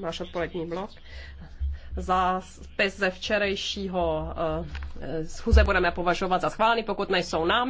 náš odpolední blok. spis ze včerejšího eh, eh, schůze budeme považovat za schválený, pokud nejsou námi.